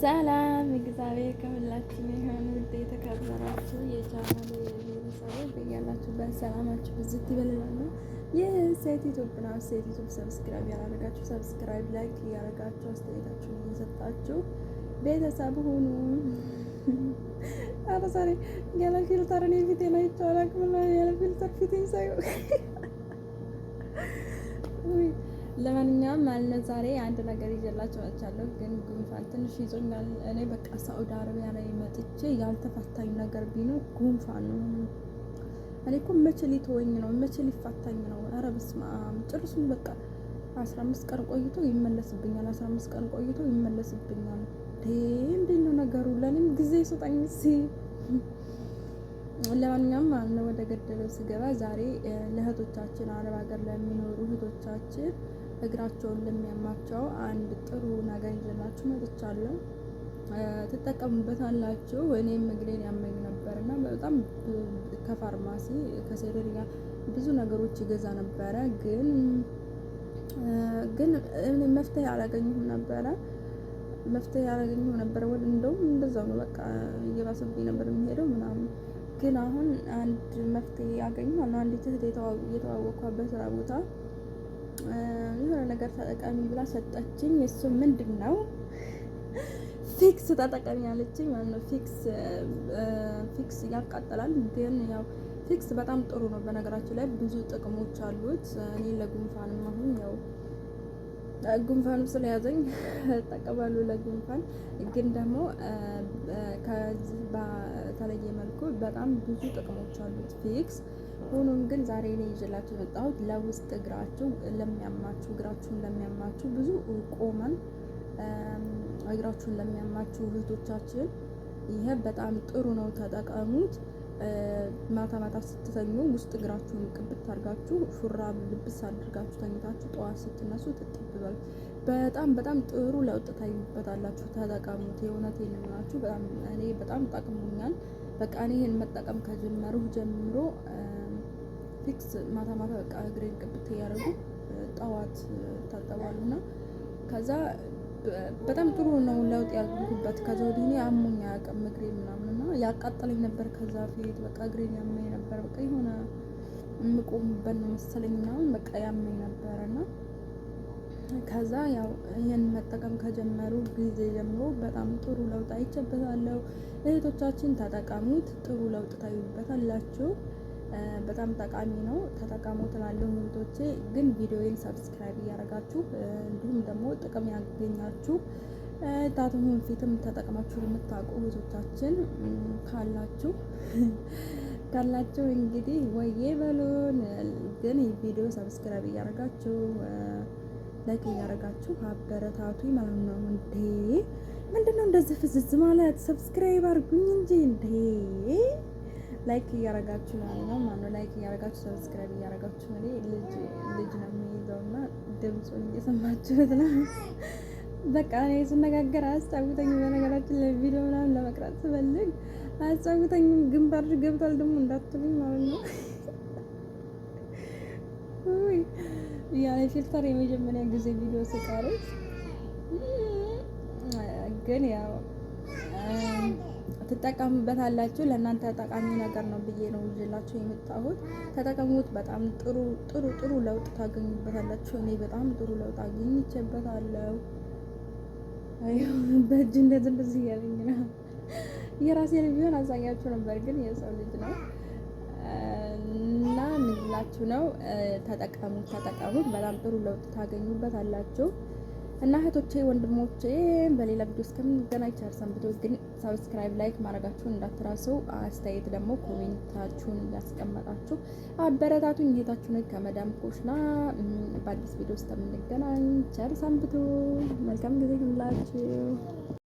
ሰላም እግዚአብሔር ከሁላችን ይሁን። ውድ የተከበራችሁ የቻናል ቤተሰቦች በያላችሁበት ሰላማችሁ ብዝት ይበልላሉ። ይህ ሴት ዩቱብ ነው። ሴት ዩቱብ ሰብስክራይብ ያላደረጋችሁ ሰብስክራይብ፣ ላይክ እያደረጋችሁ አስተያየታችሁን እየሰጣችሁ ቤተሰብ ሁኑ። ኧረ ዛሬ ያለ ፊልተር እኔ ፊቴን አይቼው አላውቅም። ያለ ፊልተር ፊቴን ሳይሆን ለማንኛውም ማለት ነው ዛሬ አንድ ነገር ይዤላችሁ መጥቻለሁ። ግን ጉንፋን ትንሽ ይዞኛል። እኔ በቃ ሳዑዲ አረቢያ ላይ መጥቼ ያልተፋታኝ ነገር ቢኖር ጉንፋን ነው። እኔ እኮ መቼ ሊተወኝ ነው? መቼ ሊፋታኝ ነው? ኧረ በስመ አብ ጭርሱን በቃ አስራ አምስት ቀን ቆይቶ ይመለስብኛል። አስራ አምስት ቀን ቆይቶ ይመለስብኛል። እንዴት ነው ነገሩ? ለእኔም ጊዜ ይሰጣኝ ሲ ለማንኛውም ማለት ነው ወደ ገደለው ስገባ ዛሬ ለእህቶቻችን አረብ ሀገር ለሚኖሩ እህቶቻችን እግራቸውን ለሚያማቸው አንድ ጥሩ ነገር ይዤላችሁ መጥቻለሁ። ትጠቀሙበታላችሁ። እኔም እግሬን ያመኝ ነበር እና በጣም ከፋርማሲ ከሴሬድ ጋር ብዙ ነገሮች ይገዛ ነበረ፣ ግን ግን እኔ መፍትሄ አላገኘሁም ነበረ መፍትሄ አላገኘሁም ነበረ። ወደ እንደውም እንደዛው ነው በቃ እየባሰብኝ ነበር የሚሄደው ምናምን። ግን አሁን አንድ መፍትሄ ያገኘሁ አንዲት እህት የተዋወቅኳት በስራ ቦታ የሆነ ነገር ተጠቃሚ ብላ ሰጠችኝ። እሱ ምንድን ነው ፊክስ ተጠቃሚ ያለችኝ ማለት ነው። ፊክስ ፊክስ ያቃጠላል፣ ግን ያው ፊክስ በጣም ጥሩ ነው። በነገራችን ላይ ብዙ ጥቅሞች አሉት። እኔ ለጉንፋንም አሁን ያው ጉንፋንም ስለያዘኝ ጠቀባሉ ለጉንፋን ግን ደግሞ ከዚህ በተለየ መልኩ በጣም ብዙ ጥቅሞች አሉት ፊክስ ሆኖም ግን ዛሬ ላይ ይዤላችሁ የመጣሁት ለውስጥ እግራችሁ ለሚያማችሁ እግራችሁን ለሚያማችሁ ብዙ ቆመን እግራችሁን ለሚያማችሁ እህቶቻችን ይሄ በጣም ጥሩ ነው፣ ተጠቀሙት። ማታ ማታ ስትተኙ ውስጥ እግራችሁን ቅብት አድርጋችሁ ሹራብ ልብስ አድርጋችሁ ተኝታችሁ ጠዋት ስትነሱ ትጠብባል። በጣም በጣም ጥሩ ለውጥ ታዩበታላችሁ። ተጠቀሙት። የእውነት የምናችሁ በጣም እኔ በጣም ጠቅሞኛል። በቃ እኔ ይህን መጠቀም ከጀመርሁ ጀምሮ ፊክስ ማታ ማታ በቃ እግሬን ቅብት እያደረጉ ጠዋት ታጠባሉ እና ከዛ በጣም ጥሩ ነው ለውጥ ያልኩበት። ከዛ ወዲህ እኔ አሞኝ አያውቅም እግሬ ምናምን እና ያቃጠለኝ ነበር። ከዛ ፊት በቃ እግሬን ያመኝ ነበር። በቃ የሆነ የምቆምበት ነው መሰለኝ ምናምን በቃ ያመኝ ነበር እና ከዛ ያው ይህን መጠቀም ከጀመሩ ጊዜ ጀምሮ በጣም ጥሩ ለውጥ አይቼበታለሁ። እህቶቻችን ተጠቀሙት፣ ጥሩ ለውጥ ታዩበታላችሁ። በጣም ጠቃሚ ነው። ተጠቀሙ ትላለሁ ምርቶቼ። ግን ቪዲዮዬን ሰብስክራይብ እያደረጋችሁ እንዲሁም ደግሞ ጥቅም ያገኛችሁ ታቱን ፊትም ተጠቅማችሁ የምታውቁ እህቶቻችን ካላችሁ ካላችሁ እንግዲህ ወዬ በሉን። ግን ቪዲዮ ሰብስክራይብ እያደረጋችሁ ላይክ እያደረጋችሁ አበረታቱ ማለት ነው። እንዴ ምንድነው እንደዚህ ፍዝዝ ማለት? ሰብስክራይብ አድርጉኝ እንጂ እንዴ ላይክ እያረጋችሁ ነው ያለው ማለት ነው። ላይክ እያረጋችሁ ሰብስክራይብ እያረጋችሁ ነው። ልጅ ልጅ ነው የሚይዘው እና ድምፁን እየሰማችሁት ነው። በቃ እኔ ስነጋገር አያስታውተኝም። በነገራችን ለቪዲዮ ምናምን ለመቅረጽ ስፈልግ አያስታውተኝም። ግንባር ገብቷል ደግሞ እንዳትሉኝ ማለት ነው። ያለ ፊልተር የመጀመሪያ ጊዜ ቪዲዮ ስቀርጽ ግን ያው ትጠቀሙበታላችሁ። ለእናንተ ጠቃሚ ነገር ነው ብዬ ነው ይዤላችሁ የመጣሁት። ተጠቀሙት። በጣም ጥሩ ጥሩ ጥሩ ለውጥ ታገኙበታላችሁ። እኔ በጣም ጥሩ ለውጥ አግኝቼበታለሁ። በእጅ እንደዚህ እንደዚህ እያለኝ ነው። የራሴ ልጅ ቢሆን አሳያችሁ ነበር፣ ግን የሰው ልጅ ነው እና ምንላችሁ ነው። ተጠቀሙት፣ ተጠቀሙት። በጣም ጥሩ ለውጥ ታገኙበታላችሁ። እና እህቶቼ ወንድሞቼ፣ በሌላ ቪዲዮ እስከምንገናኝ ቸር ሰንብቱ። ግን ሰብስክራይብ፣ ላይክ ማድረጋችሁን እንዳትረሱ። አስተያየት ደግሞ ኮሜንታችሁን እንዳስቀመጣችሁ አበረታቱኝ። እህታችሁን ከመዳም ኮሽና በአዲስ ቪዲዮ እስከምንገናኝ ቸር ሰንብቱ። መልካም ጊዜ ይሁንላችሁ።